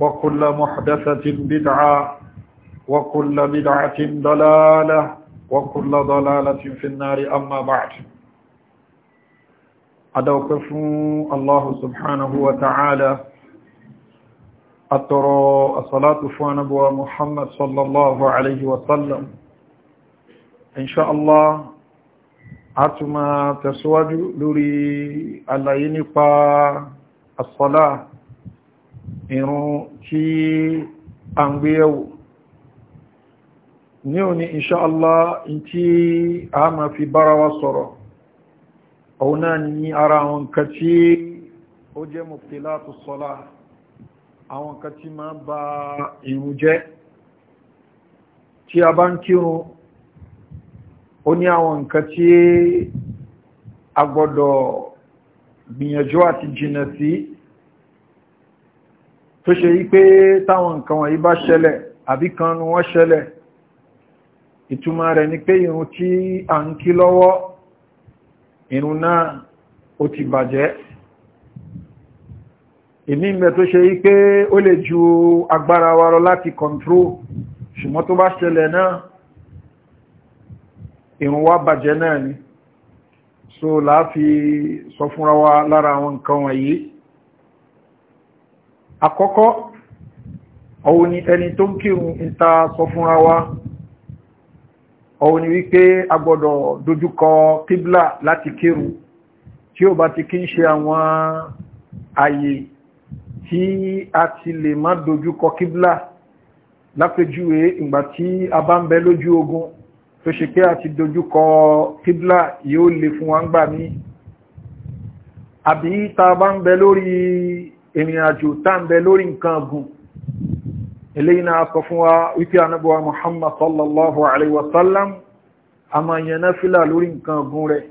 وكل محدثة بدعة وكل بدعة ضلالة وكل ضلالة في النار أما بعد أدوكف الله سبحانه وتعالى أترى الصلاة فوانبوى محمد صلى الله عليه وسلم إن شاء الله أتما تسواج لوري على ينفى الصلاة ìrun tí a ń gbéyẹ̀wò ní òní inṣáàlá tí a máa fi bára wa sọ̀rọ̀ òun náà ní ara àwọn nǹkan tí ó jẹ́ mubtilatu sọ́lá àwọn nǹkan tí máa ba ìrun jẹ́ tí a bá ń kírun ó ní àwọn nǹkan tí gbìyànjú àti jìnà sí si tó ṣe yí pé táwọn nǹkan wọ̀nyí bá ṣẹlẹ̀ àbí kan nu wọ́n ṣẹlẹ̀ ìtumọ̀ rẹ̀ ni pé irun tí a ń kí lọ́wọ́ irun náà ó ti bàjẹ́ ìní ìgbẹ̀ tó ṣe yí pé ó lè ju agbára wa lọ láti kọ̀ntró ṣùgbọ́n tó bá ṣẹlẹ̀ náà irun wa bàjẹ́ náà ni so láàfi sọ fúnra wa lára àwọn nǹkan wọ̀nyí àkọ́kọ́ ọ̀hun ni ẹni tó ń kírun ìta sọ fúnra wa ọ̀hun ni wípé a gbọ́dọ̀ dojúkọ kíblà láti kírun tí ó bá ti kí ń ṣe àwọn àyè tí a ti lè má dojúkọ kíblà lápẹjúwe ìgbà tí a bá ń bẹ lójú ogun tó ṣe pé a ti dojúkọ kíblà yóò lè fún wa ń gbà mí àbí tá bá ń bẹ lórí ìrìn àjò táǹbẹ̀ lórí nǹkan gùn eléyìí náà sọ fún wa wípé anábọ̀wá muhammad sallallahu alaihi wasallam a máa yẹn náfílà lórí nǹkan gùn rẹ̀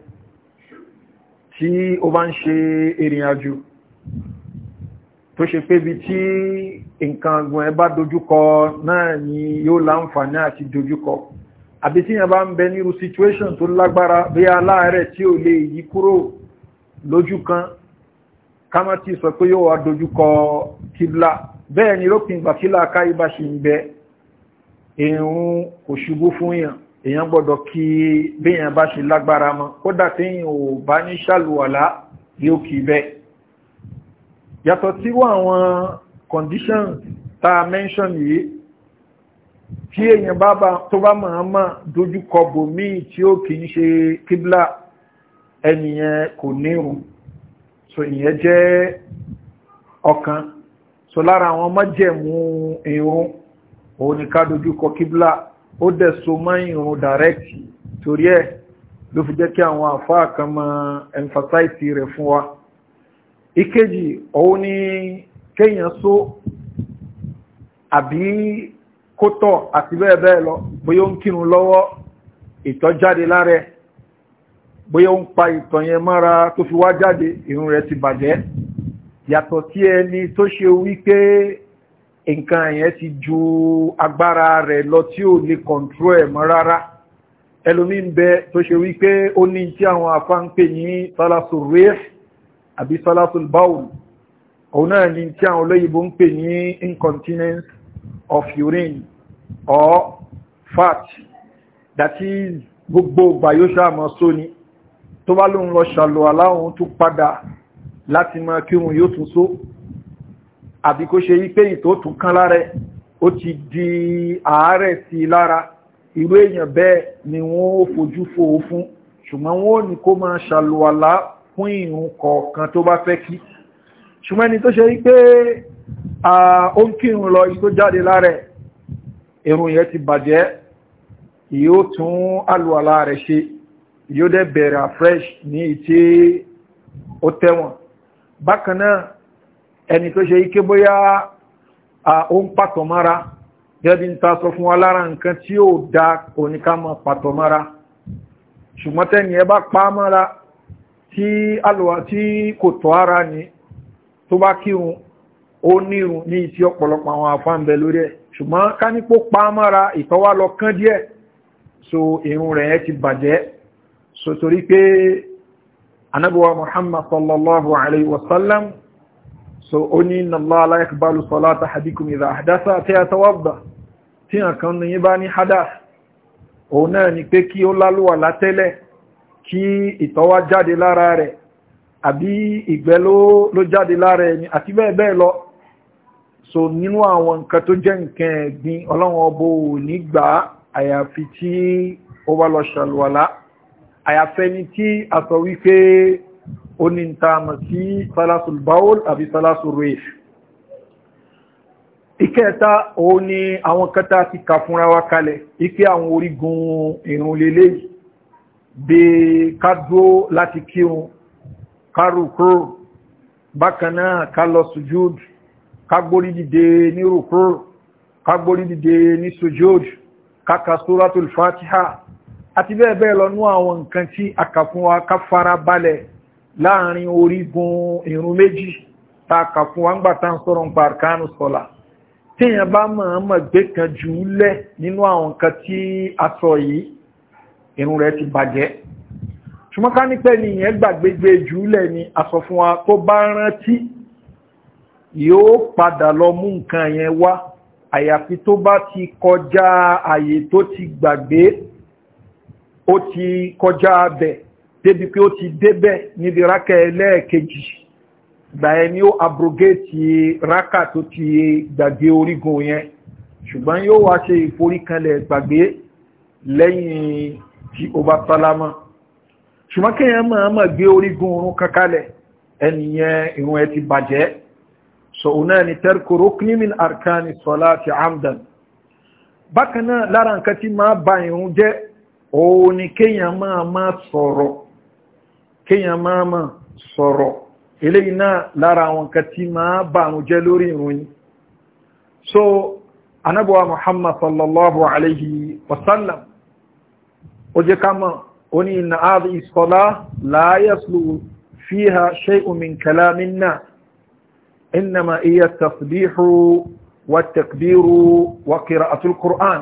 tí ó bá ń ṣe ìrìn àjò tó ṣe pé bí tí nǹkan gùn ẹ bá dojúkọ náà ni yóò láǹfààní àti dojúkọ àbí tí yẹn bá ń bẹ nírú situation tó lágbára bí aláàárẹ̀ tí ò lè yí kúrò lójú kan kama ti sọ pé yóò wá dojúkọ kíblá bẹ́ẹ̀ ni lópin ìgbà kílá káyí bá ṣe ń bẹ èèyàn kò ṣubú fún yàn èèyàn gbọ́dọ̀ kí béèyàn bá ṣe lágbára mọ́ kódà téèyàn ò bá ní ṣàlùwàlá yóò kì bẹ́ẹ̀ yàtọ̀ tí wọ́n àwọn condition tá a mention yìí tí èèyàn bábá tó bá máa máa dojúkọ bòmíì tí ó kì í ṣe kíblá ẹnìyẹn kò nírun so ìyẹn jẹ́ ọ̀kan so lára àwọn májẹ̀mú irun òun ni ká dojú kọ kíbla ó dẹ̀ so mọ́ irun direct torí ẹ̀ ló fi jẹ́ kí àwọn àfáà kan mọ emphasize rẹ̀ fún wa ìkejì òun ni kéèyàn so àbí kótọ̀ àti bẹ́ẹ̀ bẹ́ẹ̀ lọ bóyá ó ń kírun lọ́wọ́ ìtọ́jáde lára ẹ̀ bóyá ó ń pa ìtàn yẹn mọ́ra tó fi wá jáde irun rẹ̀ ti bàjẹ́ yàtọ̀ tí ẹni tó ṣe wípé nǹkan yẹn ti ju agbára rẹ̀ lọ tí ò lè kọ̀ntró ẹ̀ mọ́ rárá ẹlòmí ń bẹ tó ṣe wípé ó ní tí àwọn afá ń pè ní salasu rih àbí salasu baul òun náà ní tí àwọn olóyìnbó ń pè ní incontinence of urine or fat that is gbogbo gbà yóò mọ́ sóni. So tó bá lóun lọ ṣàlò aláwọn tó padà láti máa kí wọn yóò tún só àbí kó ṣe wípé ìtótún kán lára ó ti di àárẹ̀ sí lára irú èèyàn bẹ́ẹ̀ ni wọ́n ó fojú fò ó fún ṣùgbọ́n wọ́n ò ní kó máa ṣàlò àlá fún ìrùn kọ̀ọ̀kan tó bá fẹ́ kí ṣùgbọ́n ẹni tó ṣe wípé ó ń kírun lọ igbó jáde lára ìrùn yẹn ti bàjẹ́ yóò tún àlùwàlá rẹ̀ ṣe yóò dẹ̀ bẹ̀rẹ̀ afresh ní ìtí ó tẹ́wọ̀n bákan náà ẹni tó ṣe ike bóyá ó ń pàtọ̀ mára gẹ́bí ń ta sọ fún wa lára nǹkan tí ó da oníkàmọ̀ pàtọ̀ mára ṣùgbọ́n tẹ́ni ẹ bá pa mára tí alùwà tí kò tọ́ ara ní tó bá kírun ó nírun ní ìtí ọ̀pọ̀lọpọ̀ àwọn àfáǹbẹ̀ lórí ẹ̀ ṣùgbọ́n ká pa mára ìtọ́wá lọ kán díẹ̀ so irun rẹ̀ ti bàjẹ́ so torí pé anábíwá muhammad sallallahu alaihi wasallam so ó ní nàlá aláyàkbálù sọláta hadikum ìdá àdásá tí a tawọ́bà tí a kan ní bá ní hadas òun náà ni pé kí ó lálùwà látẹ́lẹ̀ kí ìtọ́wá jáde lára rẹ̀ àbí ìgbẹ́ ló jáde lára ẹni àti bẹ́ẹ̀ bẹ́ẹ̀ lọ so nínú àwọn nǹkan tó jẹ́ nǹkan ẹ̀gbin ọlọ́run ọbọ̀ ò ní gbà àyàfi tí ó bá lọ ṣàlùwàlá àyàfẹ́ni tí a sọ wípé ó ní ń tààmà sí salasul baul àbí salasul rif ìkẹta ó ní àwọn kẹta ti kà fúnra wa kalẹ̀ ipé àwọn orígun ìrùn lélẹ̀ yìí bí kádó láti kírun kárùkúrò bákanáà ká lọ sùjúdù ní rùkúrò kagbórí ní sùjúdù káka fatiha àti bẹ́ẹ̀ bẹ́ẹ̀ lọ nú àwọn nǹkan tí a kà fún wa ká fara balẹ̀ láàrin orígun ìrun méjì tá a kà fún wa ń gbà tá à ń sọ̀rọ̀ nípa àrkánù sọ̀la téèyàn bá mọ̀ ọ́n mọ̀ gbé kan jù ú lẹ̀ nínú àwọn nǹkan tí a sọ yìí ìrun rẹ̀ ti bàjẹ́ ṣùgbọ́n ká nípẹ́ ni ìyẹn gbàgbégbé jù ú lẹ̀ ni a sọ fún wa tó bá rántí yóò padà lọ mú nǹkan yẹn wá àyàfi tó bá ti kọjá àyè tó ti gbàgbé ó ti kọjá abẹ débi pé ó ti débẹ̀ níbi rákà ẹlẹ́ẹ̀kejì gbà ẹ ní ó abrogate rákà tó ti gbàgbé orígun yẹn ṣùgbọ́n yóò wá ṣe ìforíkanlẹ̀ gbàgbé lẹ́yìn tí ó bá sálámà ṣùgbọ́n kéèyàn máa máa gbé orígun oorun kankalẹ̀ ẹnìyẹn ìrun ẹ ti bàjẹ́ so náà ni tarku rukni min arkani salati amdan bákan náà lára nǹkan tí máa ba ìrun jẹ́ òun ni kéèyàn máa máa sọ̀rọ̀ kéèyàn máa máa sọ̀rọ̀ eléyìí náà lára àwọn kan tí máa bá jẹ́ lórí ìrun so anábọ̀wá muhammad sallallahu alayhi wa sallam ó jẹ́ ká mọ̀ ó ní inna hadhihi as-salah la yaslu fiha shay'un min kalami an-nas innama hiya tasbihu wa takbiru wa qira'atu al-qur'an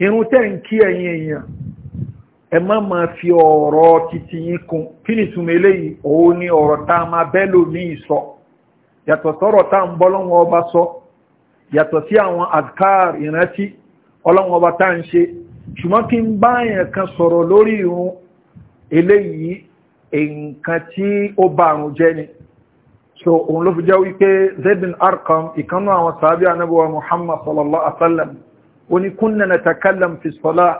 irun tẹ́ ń kí ẹ̀yin èèyàn ẹ má ma fi ọ̀rọ̀ titi yín kún kí ni túnmọ̀ eléyìí òun ni ọ̀rọ̀ tá a máa bẹ́ lòmíì sọ yàtọ̀ sọ̀rọ̀ tá à ń bọ́ lọ́wọ́ ọba sọ yàtọ̀ sí àwọn adkar ìrántí ọlọ́wọ́ ọba tá à ń ṣe ṣùgbọ́n kí n bá yẹn kan sọ̀rọ̀ lórí irun eléyìí nǹkan tí ó bá àrùn jẹ́ ni so òun ló fi jẹ́ wípé zedin arkam ìkanú àwọn sàábí anábíwá muhammad sallallahu alayhi wa sallam ó ní kúnnà natakallam fi salah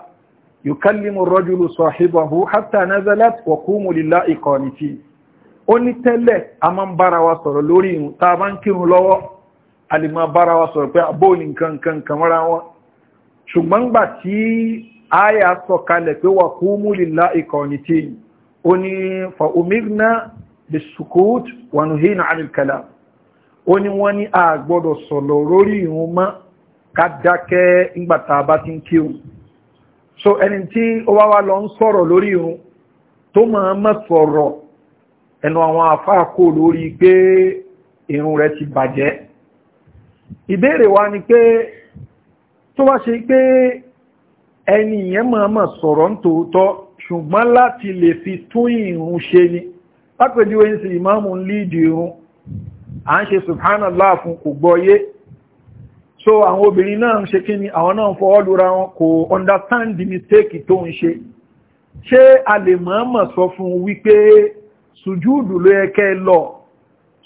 yukallimu rajulu sahibahu hatta nazalat wa qumu lillahi qanitin ó ní tẹ́lẹ̀ a máa ń bára wa sọ̀rọ̀ lórí ìhun tá a bá ń kírun lọ́wọ́ a lè máa bára wa sọ̀rọ̀ pé àbó ní nǹkan nǹkan kan mọ́ra wọn ṣùgbọ́n gbà tí àyà sọ kalẹ̀ pé wa qumu lillahi qanitin ó ní fa umirna bisukut wa nuhina anil kalam ó ní wọ́n ní a gbọ́dọ̀ lórí ìhun mọ́ ká dákẹ́ ńgbà bá ti ń kírun so ẹni tí ó wá wá lọ ń sọ̀rọ̀ lórí irun tó máa mọ̀ sọ̀rọ̀ ẹnu àwọn àfáà kò lórí pé irun rẹ̀ ti bàjẹ́ ìbéèrè wa ni pé tó wá ṣe pé ẹni yẹn máa mọ̀ sọ̀rọ̀ ń tòótọ́ ṣùgbọ́n láti lè fi tún irun ṣe ni lápèjúwe ń sì ìmáàmù ń líìdì irun à ń ṣe subhanallah fún kò gbọ́yé so àwọn obìnrin náà ń ṣe kí ni àwọn náà fọwọ́ lura wọn kò understand the mistake tó ń ṣe ṣé a lè mọ̀ọ́mọ̀ sọ fún un wípé sùjúùdù ló yẹ kẹ́ ẹ lọ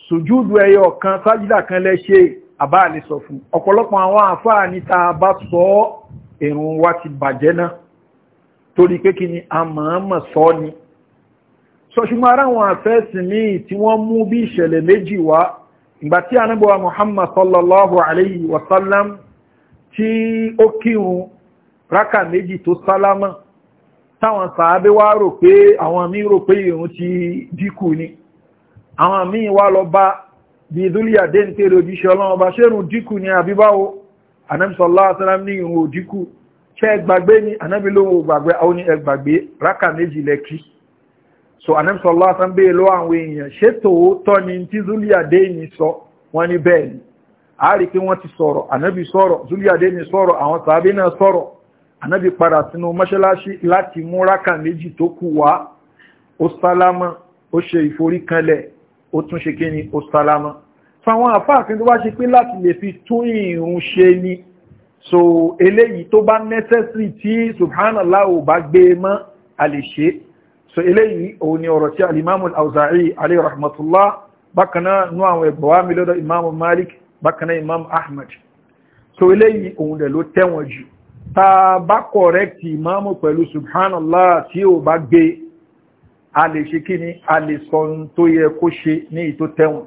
sùjúùdù ẹyọ kan sájídà kan lẹ ṣe àbá lè sọ fún un ọ̀pọ̀lọpọ̀ àwọn àfáà níta bá sọ èrùn wa ti bàjẹ́ náà torí pé kí ni a mọ̀ọ́mọ̀ sọ ni sọ ṣùgbọ́n ara àwọn àfẹ́sìn míì tí wọ́n mú bí ìṣẹ̀lẹ̀ méjì wá ìgbà tí a níbọ̀ Muhammad sallallahu alayhi wa sallam tí ó kírun rákà méjì tó sálámà táwọn sàábé wá rò pé àwọn míì rò pé ìrun ti dínkù ni àwọn míì wá lọ bá bí ìdúlíyà dé ní pèrè òjíṣẹ́ ọlọ́run ọba ṣérun dínkù ni ṣé ẹ gbàgbé ni Ànábì lóhun so anamsọlá tán bẹ́ẹ̀ lọ́wọ́ àwọn èèyàn ṣé tòótọ́ ni tí zuliade yìí sọ wọ́n ní bẹ́ẹ̀ ni a rí pé wọ́n ti soro anabi sọ̀rọ̀ zuliade ni sọ̀rọ̀ àwọn sàábé náà sọ̀rọ̀ anabi padà sínú mọ́ṣáláṣí láti mú rákà méjì tó kù wá ó sálámà ó ṣe ìforíkanlẹ̀ ó tún ṣe kíni ó sálámà fáwọn àfáàfin tó bá ṣe pé láti lè fi tún ìrun ṣe ni so eléyìí tó bá necessary tí subhanallah ò bá gbé e a lè ṣe so eléyìí òun ni ọ̀rọ̀ tí alimamu al-auza'i alayhi rahmatullah bákaná nú àwọn ẹgbọ̀wá mi lọ́dọ̀ imamu malik bákaná imamu ahmad so eléyìí òun dẹ̀ ló tẹ́wọ̀n jù ta bá kọ̀rẹ́kì imamu pẹ̀lú subhanallah tí ó bá gbé a lè ṣe kí ni a lè sọ tó yẹ kó ṣe ní ìtó tẹ́wọ̀n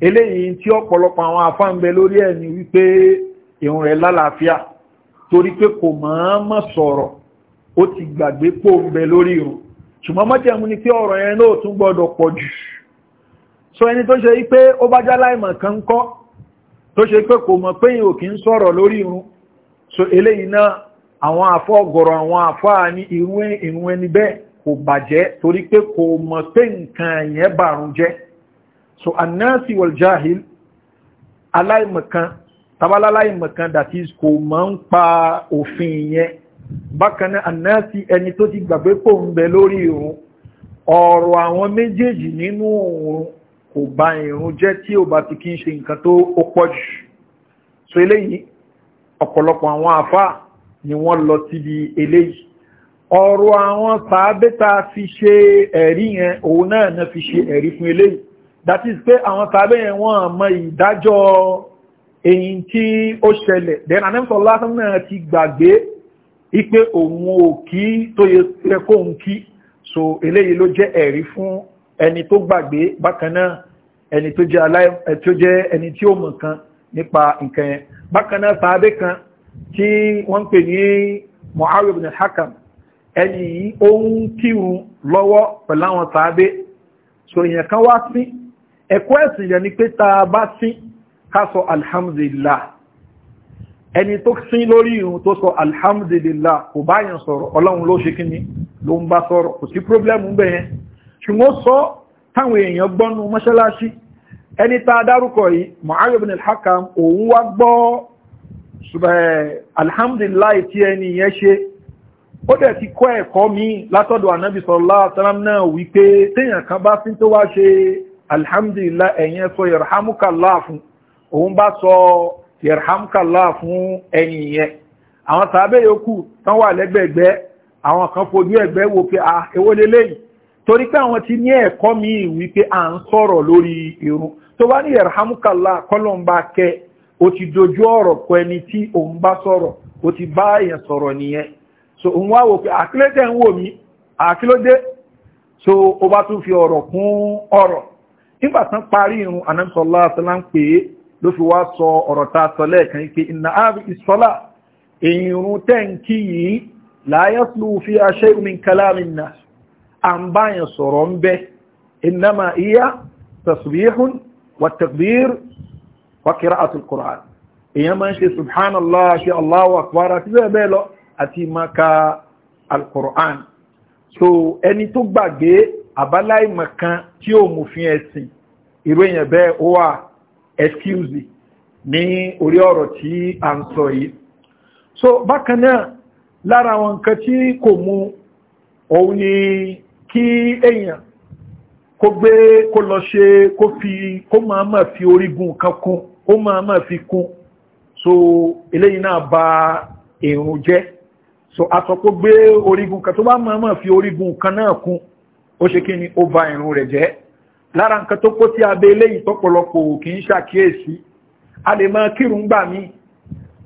eléyìí tí ọ̀pọ̀lọpọ̀ àwọn afáǹbẹ lórí ẹni wípé ìrun rẹ̀ lálàáfíà torí pé kò mọ̀ọ́mọ̀ sọ̀rọ̀ ó ti gbàgbé pò ń bẹ lórí ìrun ṣùgbọ́n mọ́jẹ̀mú ni pé ọ̀rọ̀ yẹn náà tún gbọ́dọ̀ pọ̀ jù so ẹni tó ṣe pé ó bá já láìmọ̀ kan kọ́ tó ṣe pé kò mọ̀ pé ìhò kì ń sọ̀rọ̀ lórí ìrun so eléyìí náà àwọn àfọ́ ọ̀gọ̀rọ̀ àwọn àfáà ní ìrun ẹni bẹ́ẹ̀ kò bàjẹ́ torí pé kò mọ̀ pé nǹkan yẹn bàrún jẹ́ so anasi wal jahil aláìmọ̀kan tabalala ìmọ̀kan dàtí kò mọ́ ń pa òfin yẹn bákan náà ànáàtì ẹni tó ti gbàgbé pò ń bẹ lórí irun ọ̀rọ̀ àwọn méjèèjì nínú òun kò bá irun jẹ́ tí ò bá ti kí ń ṣe nǹkan tó ó pọ̀ jù so eléyìí ọ̀pọ̀lọpọ̀ àwọn àfá ni wọ́n lọ síbi eléyìí ọ̀rọ̀ àwọn sàábẹ́ta fi ṣe ẹ̀rí yẹn òun náà fi ṣe ẹ̀rí fún eléyìí that is pé àwọn sàábẹ́ yẹn wọ́n mọ ìdájọ́ èyí tí ó ṣẹlẹ̀ then anẹ́sọ̀ lásán náà ti gbàgbé ipé òun ò kí tó yẹ kó ń kí so eléyìí ló jẹ́ ẹ̀rí fún ẹni tó gbàgbé bákan náà ẹni tó jẹ́ ẹni tí ó mọ̀ kan nípa nǹkan yẹn bákan náà sàábé kan tí wọ́n ń pè ní Mu'awiyah ibn hakam ẹni yìí ó ń kírun lọ́wọ́ pẹ̀láwọn sàábé so èèyàn kan wá sí ẹ̀kọ́ ẹ̀sìn yẹn ni pé tá a bá sí ká sọ alhamdulillah ẹni tó sín lórí irun tó sọ alhamdulillah kò báyàn sọ̀rọ̀ ọlọ́run ló ṣe kíní ló ń bá sọ̀rọ̀ kò sí pírọ́blẹ́mù ń bẹ̀yẹn ṣùgbọ́n sọ táwọn èèyàn gbọ́nu mọ́ṣáláṣí ẹni tá dárúkọ yìí Mu'adh alhamdulillah ẹ̀yẹn sọ yarhamukallah fún òun bá sọ yerhamkala fún ẹni yẹn àwọn sàábẹ́ yòókù tán wà lẹ́gbẹ̀ẹ́gbẹ́ àwọn kan fojú ẹgbẹ́ wo pé a ah, ewó lélẹ́yìn torí pé àwọn ti ní ẹ̀kọ́ míì wípé à ń sọ̀rọ̀ lórí irun tó bá ní yerhamkala kọ́lọ́mbà kẹ ó ti dojú ọ̀rọ̀ kọ ẹni tí òun bá sọ̀rọ̀ ó ti bá èèyàn sọ̀rọ̀ nìyẹn so òun wá wò pé àkílẹ́tẹ̀ ń wò mí àkílódé so ó bá tún fi ọ̀rọ̀ kún ọ̀rọ̀ nígbà tán parí irun ànábìsọ̀lá àtàlà ń ló fi wá sọ ọ̀rọ̀ ta sọ lẹ́ẹ̀kan ike inna ààbí ìsọ́lá ìrún tẹ́ǹkì yìí láyẹ́sùlù fi aṣẹ́ omi kalamina a ń báyàn sọ̀rọ̀ ń bẹ́ innama iya tasbihun wa takbir wa kira'atul qur'an èyàn máa ń ṣe subhanallah ṣe allahu akbar àti bẹ́ẹ̀ bẹ́ẹ̀ lọ àti wà excuse ní orí ọ̀rọ̀ tí a ń sọ yìí so bákanáà lára àwọn nǹkan tí kò mú òun ni kí èèyàn kó gbé kó lọ ṣe kó fi kó máa máa fi orígun kan kún ó máa máa fi kún so eléyìí náà ba èrò jẹ́ so aṣọ kó gbé orígun kan tó bá máa máa fi orígun kan náà kún ó ṣe kí ni ó ba èrò rẹ̀ jẹ́ lára nǹkan tó kó sí abẹ́ eléyìí tọ́pọ̀lọpọ̀ kì í ṣàkíyèsí a lè máa kírun gbà mí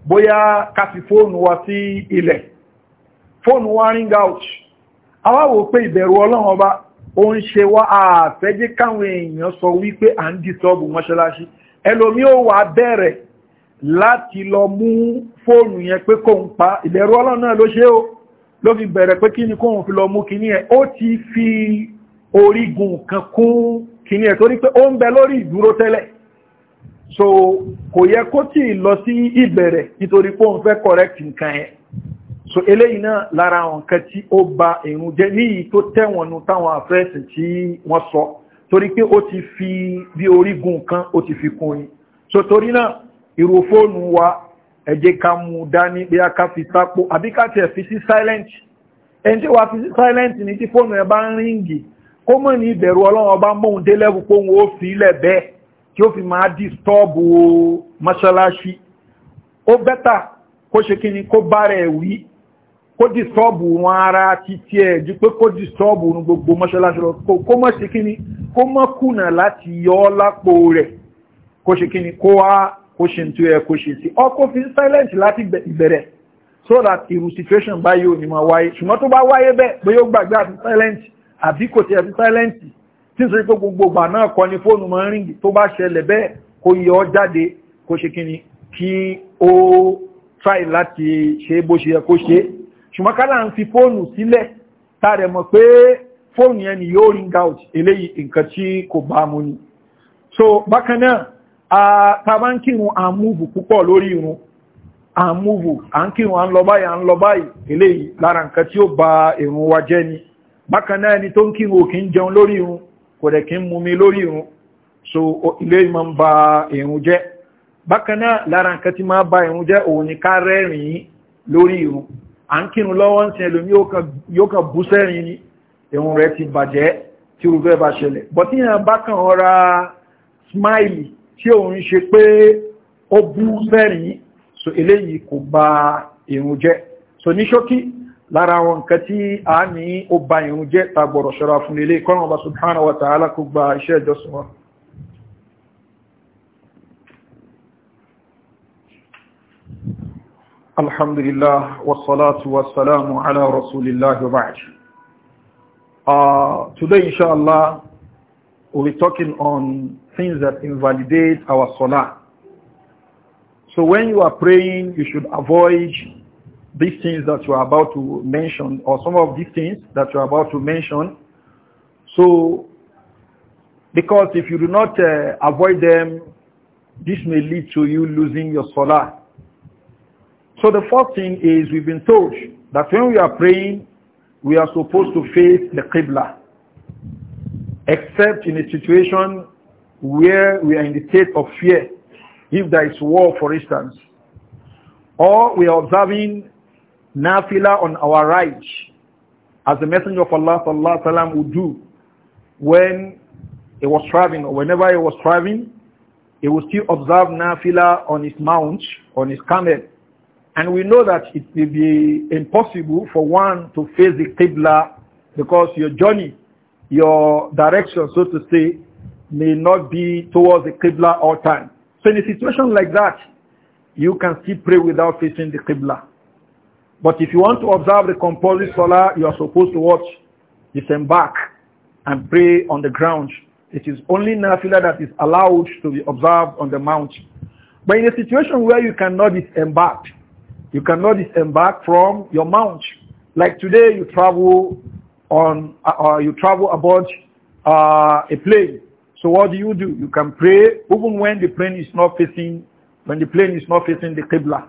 bóyá ká fi fóònù wa sí ilẹ̀ fóònù wa ring out àwa wò pé ìbẹ̀rù ọlọ́run ọba ó ń ṣe wá àfẹ́jẹ́ káwọn èèyàn sọ wípé à ń dìtọ́ọ̀bù mọ́ṣáláṣí ẹlòmí ó wà bẹ̀rẹ̀ láti lọ mú fóònù yẹn pé kò ń pa ìbẹ̀rù ọlọ́run náà ló ṣe ó ló fi bẹ̀rẹ̀ pé kí ni kóun fi lọ mú kinní ẹ̀ ó ti fi orígun kan kún kí ni ẹ̀tọ́ ní pé ó ń bẹ lórí ìdúró tẹ́lẹ̀ so kò yẹ kó tí lọ sí ìbẹ̀rẹ̀ nítorí pé òun fẹ́ correct nǹkan ẹ̀ so eléyìí náà lára àwọn nǹkan tí ó ba ìrun jẹ́ níyì tó tẹ̀wọ̀n nu táwọn àfẹ́sì tí wọ́n sọ torí pé ó ti fi bí orígun kan ó ti fi kún yín so torí náà ìrò fóònù wa ẹ jẹ́ ká mú dání bí a ká fi sápò àbí ká tiẹ̀ fi sí silent ẹni tí wàá fi sí silent ní tí fóònù ẹ bá ń ríǹgì kó mọ̀ ní ìbẹ̀rù ọlọ́run ọba mọ́hun délẹ́bù póhun ó fi ilẹ̀ bẹ́ẹ̀ tí ó fi máa dìstọ́ọ̀bù mọ́ṣáláṣí ó bẹ́tà kó ṣe kí ni kó bá rẹ̀ wí kó dìstọ́ọ̀bù wọn ara títí ẹ̀ ju pé kó dìstọ́ọ̀bù ní gbogbo mọ́ṣáláṣí lọ kó mọ̀ ṣe kí ni kó mọ̀ kùnà láti yọ ọ́ lápò rẹ̀ kó ṣe kí ni kó wá kó ṣe tó yẹ kó ṣe sí ọkọ̀ fi silent láti ìbẹ̀rẹ̀ so that irú situation báyìí ò ní máa wáyé ṣùgbọ́n tó bá wáyé bẹ́ẹ̀ pé yóò gbàgbé àti silent àbí kò tiẹ̀ fi sáílẹ́ǹtì tí ń sọ pé gbogbo ìgbà náà kọ́ ni fóònù máa ń rìn tó bá ṣẹlẹ̀ bẹ́ẹ̀ kó yọ ọ́ jáde kó ṣe kíni kí ó try láti ṣe bó ṣe yẹ kó ṣe ṣùgbọ́n kálá ń fi fóònù sílẹ̀ tá a rẹ̀ mọ̀ pé fóònù yẹn ni yóò ring out eléyìí nǹkan tí kò bá mu ni so bákan náà tàbá ń kírun àmúvù púpọ̀ lórí irun àmúvù à ń kírun à ń lọ báyìí à ń lọ báyìí eléyìí lára nǹkan tí ó ba èrò wa jẹ́ ni bákan náà ni tó ń kí òkè ń jẹun lórí irun kò dẹ̀ kí ń mumi lórí irun so ilé máa ń ba irun jẹ́ bákan lára nǹkan tí máa ba irun jẹ́ òun ni ká rẹ́rìn-ín lórí irun à ń kírun lọ́wọ́ ń sin ẹlòmí yóò kàn bú sẹ́rin ni irun rẹ̀ ti bàjẹ́ tí orúfẹ́ bá ṣẹlẹ̀ bọ̀ tí ọra smile tí òun ṣe pé ó bú sẹ́rin so eléyìí kò ba irun jẹ́ so ní ṣókí lára àwọn nǹkan tí a ní ó bá ìrún jẹ́ tagbọ̀rọ̀ ṣọ́ra fún lélé kọ́nà ọba subhanahu wa ta'ala kó gba iṣẹ́ ìjọsìn wọn alhamdulillah wasalatu wasalamu ala rasulillah wa ba'd uh, today inshallah we'll be talking on things that invalidate our salah so when you are praying you should avoid these things that you are about to mention or some of these things that you are about to mention. So, because if you do not uh, avoid them, this may lead to you losing your salah. So the first thing is we've been told that when we are praying, we are supposed to face the Qibla. Except in a situation where we are in the state of fear, if there is war for instance, or we are observing nafila on our right, as the Messenger of Allah sallallahu alaihi would do when he was traveling, or whenever he was traveling, he would still observe nafila on his mount, on his camel. And we know that it will be impossible for one to face the Qibla because your journey, your direction, so to say, may not be towards the Qibla all time. So in a situation like that, you can still pray without facing the Qibla. But if you want to observe the composite solar, you are supposed to watch, disembark, and pray on the ground. It is only nafila that is allowed to be observed on the mount. But in a situation where you cannot disembark, you cannot disembark from your mount. Like today, you travel on, uh, uh, you travel aboard uh, a plane. So what do you do? You can pray even when the plane is not facing, when the plane is not facing the Qibla.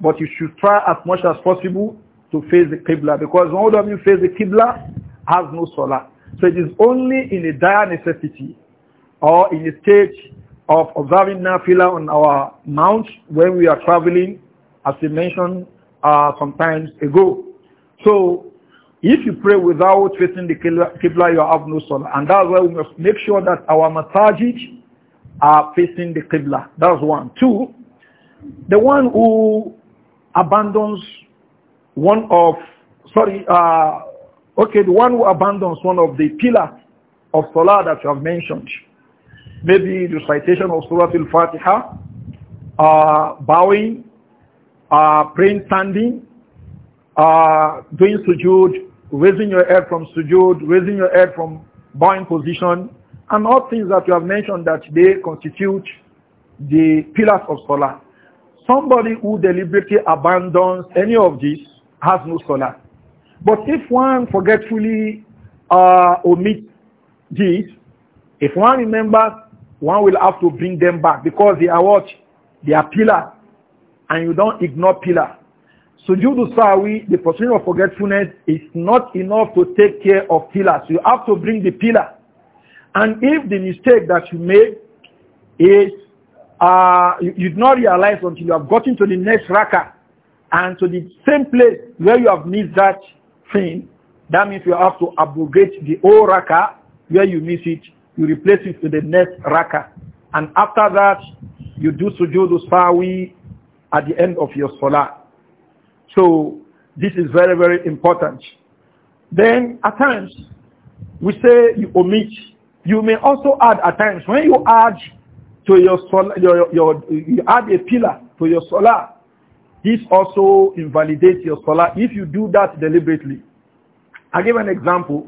But you should try as much as possible to face the Qibla because all of you face the Qibla has no salah. So it is only in a dire necessity or in a stage of observing Nafila on our mount when we are traveling, as we mentioned uh, some times ago. So if you pray without facing the Qibla, you have no salah. And that's why we must make sure that our masajid are facing the Qibla. That's one. Two, the one who abandons one of, sorry, uh, okay, the one who abandons one of the pillars of Salah that you have mentioned, maybe the citation of Surah Al-Fatiha, uh, bowing, uh, praying standing, uh, doing sujood, raising your head from sujood, raising your head from bowing position, and all things that you have mentioned that they constitute the pillars of Salah. somebody who deliberately abandons any of these has no salah. But if one forgetfully uh, omits these, if one remembers, one will have to bring them back because they are what? They are pillars, And you don't ignore pillars. So Sujudu Sawi, the position of forgetfulness is not enough to take care of pillars. You have to bring the pillar. And if the mistake that you make is uh, you, do not realize until you have gotten to the next raka and to the same place where you have missed that thing. That means you have to abrogate the old raka where you miss it. You replace it with the next raka. And after that, you do sujood sawi at the end of your salah. So this is very, very important. Then at times, we say you omit. You may also add at times. When you add to your solar, your, your, you add a pillar to your solar, this also invalidates your solar if you do that deliberately. I give an example.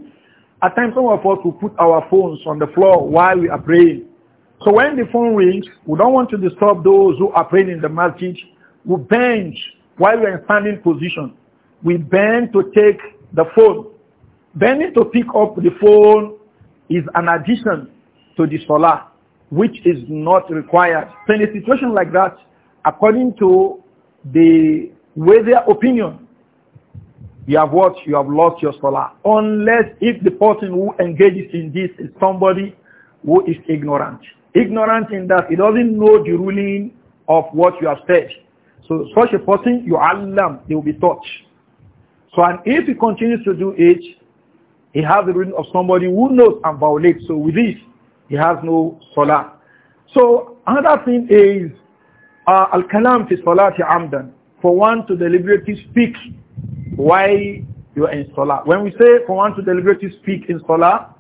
At times some of us will put our phones on the floor while we are praying. So when the phone rings, we don't want to disturb those who are praying in the masjid. We bend while we are in standing position. We bend to take the phone. Bending to pick up the phone is an addition to the solar which is not required. So in a situation like that, according to the way their opinion, you have what? You have lost your salah. Unless if the person who engages in this is somebody who is ignorant. Ignorant in that he doesn't know the ruling of what you have said. So such a person, you alarm, he will be taught. So and if he continues to do it, he has the ruling of somebody who knows and violates. So with this, he has no salah. So another thing is uh, al-kalam fi salati amdan, for one to deliberately speak why you are in salah. When we say for one to deliberately speak in salah,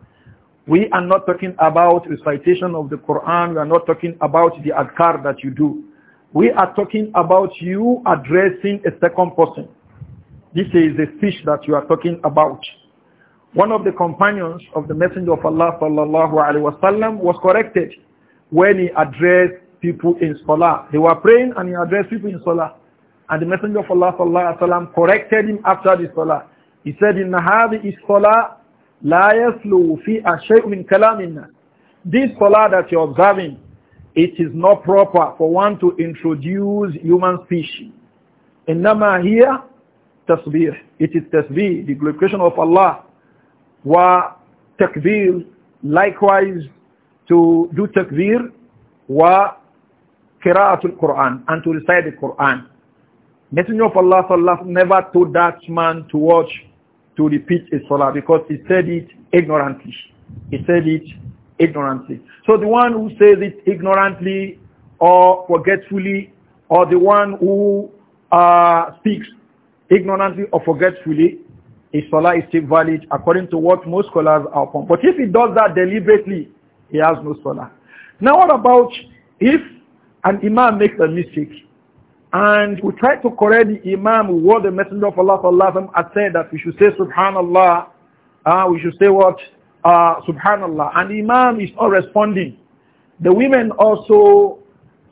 we are not talking about recitation of the Quran, we are not talking about the adkar that you do. We are talking about you addressing a second person. This is the speech that you are talking about. One of the companions of the Messenger of Allah sallallahu alaihi wasallam was corrected when he addressed people in Salah. They were praying and he addressed people in Salah. And the Messenger of Allah sallallahu alaihi wasallam corrected him after the Salah. He said, "In hadhi is Salah la yaslu fi shay'un min kalamina." This Salah that you're observing, it is not proper for one to introduce human In Innama here tasbih. It is tasbih, the glorification of Allah wa takbir, likewise to do takbir wa qira'atul Quran and to recite the Quran. Messenger of Allah sallallahu never told that man to watch to repeat his salah because he said it ignorantly. He said it ignorantly. So the one who says it ignorantly or forgetfully or the one who uh, speaks ignorantly or forgetfully his salah is still valid according to what most scholars are upon. But if he does that deliberately, he has no salah. Now what about if an imam makes a mistake and we try to correct the imam with what the messenger of Allah sallallahu had said that we should say subhanallah, uh, we should say what? Uh, subhanallah. And the imam is not responding. The women also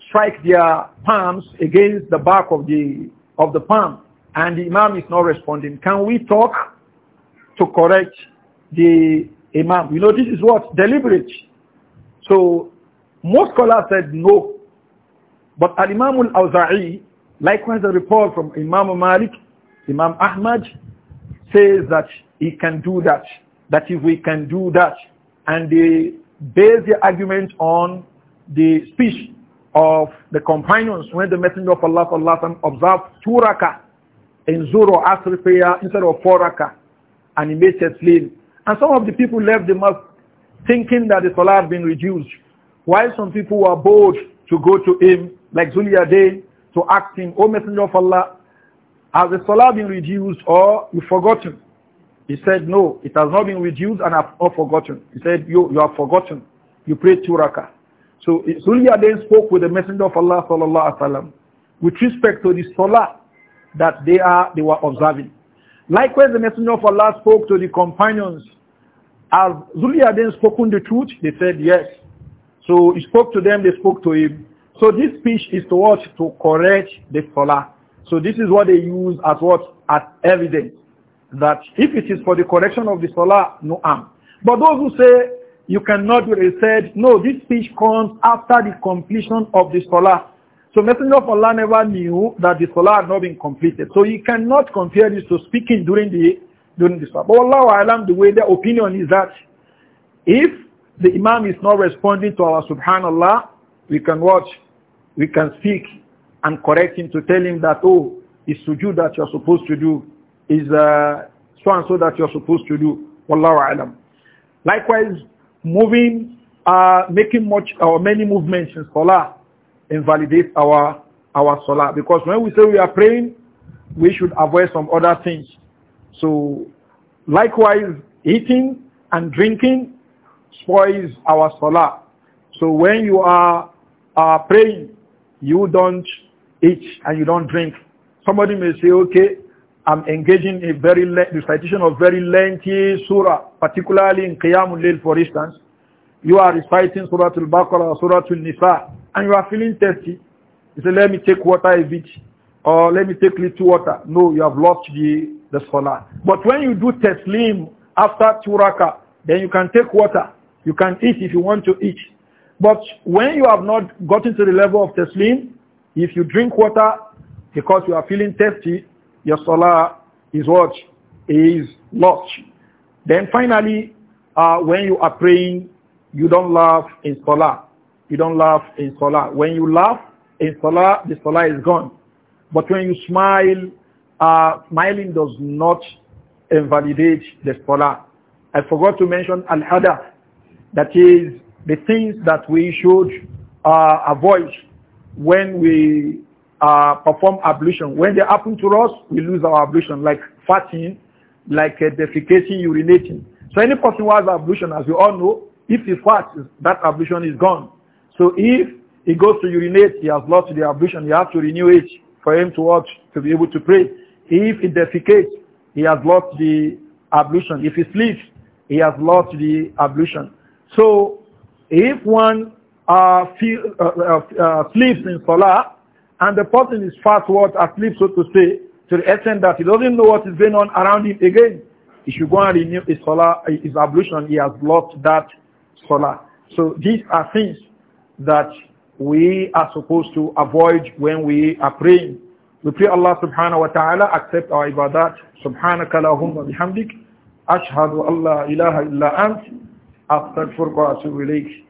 strike their palms against the back of the, of the palm and the imam is not responding, can we talk to correct the imam? You know, this is what? Deliberate. So most scholars said no. But Al-Imam al-Awza'i, likewise a report from Imam Malik, Imam Ahmad, says that he can do that, that if we can do that. And they base the argument on the speech of the companions when the Messenger of Allah, Allah observed two rakah in Zuhr or Asr prayer instead of four raka, and he made And some of the people left the mosque thinking that the Salah had been reduced. While some people were bold to go to him, like Zulia Day, to ask him, O Messenger of Allah, has the Salah been reduced or you forgotten? He said, no, it has not been reduced and I've not forgotten. He said, you, you have forgotten. You prayed two raka. So Zulia then spoke with the Messenger of Allah sallallahu alaihi wasallam with respect to the Salah that they are they were observing. Likewise, the messenger of Allah spoke to the companions. As Zulia then spoken the truth? They said yes. So he spoke to them, they spoke to him. So this speech is to what? To correct the salah. So this is what they use as what? As evidence. That if it is for the correction of the salah, no harm. But those who say you cannot do it, said, no, this speech comes after the completion of the salah. So Messenger of Allah never knew that the Salah had not been completed. So he cannot compare this to speaking during the during the Salah. But Allah Alam, the way their opinion is that if the Imam is not responding to our subhanallah, we can watch, we can speak and correct him to tell him that, oh, it's sujood that you're supposed to do, is uh, so and so that you're supposed to do. Wallahu alam. Likewise, moving, uh, making much or many movements in salah invalidate our our salah because when we say we are praying we should avoid some other things so likewise eating and drinking spoils our salah so when you are praying you don't eat and you don't drink somebody may say okay I'm engaging in very recitation of very lengthy surah, particularly in Qiyamul Layl for instance. You are reciting Surah Al-Baqarah, Surah Al-Nisa and you are feeling thirsty, you say, let me take water a bit or let me take little water. No, you have lost the, the salah. But when you do teslim after turaka, then you can take water. You can eat if you want to eat. But when you have not gotten to the level of teslim, if you drink water because you are feeling thirsty, your salah is what? Is lost. Then finally, uh, when you are praying, you don't laugh in salah. You don't laugh in salah. When you laugh in salah, the salah is gone. But when you smile, uh, smiling does not invalidate the salah. I forgot to mention al-hadath. That is the things that we should uh, avoid when we uh, perform ablution. When they happen to us, we lose our ablution, like farting, like uh, defecating, urinating. So any person who has ablution, as we all know, if he farts, that ablution is gone. So if he goes to urinate, he has lost the ablution, He has to renew it for him to watch, to be able to pray. If he defecates, he has lost the ablution. If he sleeps, he has lost the ablution. So if one uh, feel, uh, uh, uh sleeps in Salah and the person is fast what asleep, so to say, to the extent that he doesn't know what is going on around him again, he should go and renew his Salah, his ablution. He has lost that Salah. So these are things that we are supposed to avoid when we are praying. We pray Allah subhanahu wa ta'ala accept our ibadat. Subhanaka lahumma bihamdik. Ashhadu an la ilaha illa ant. Astaghfiruka wa atubu ilayk.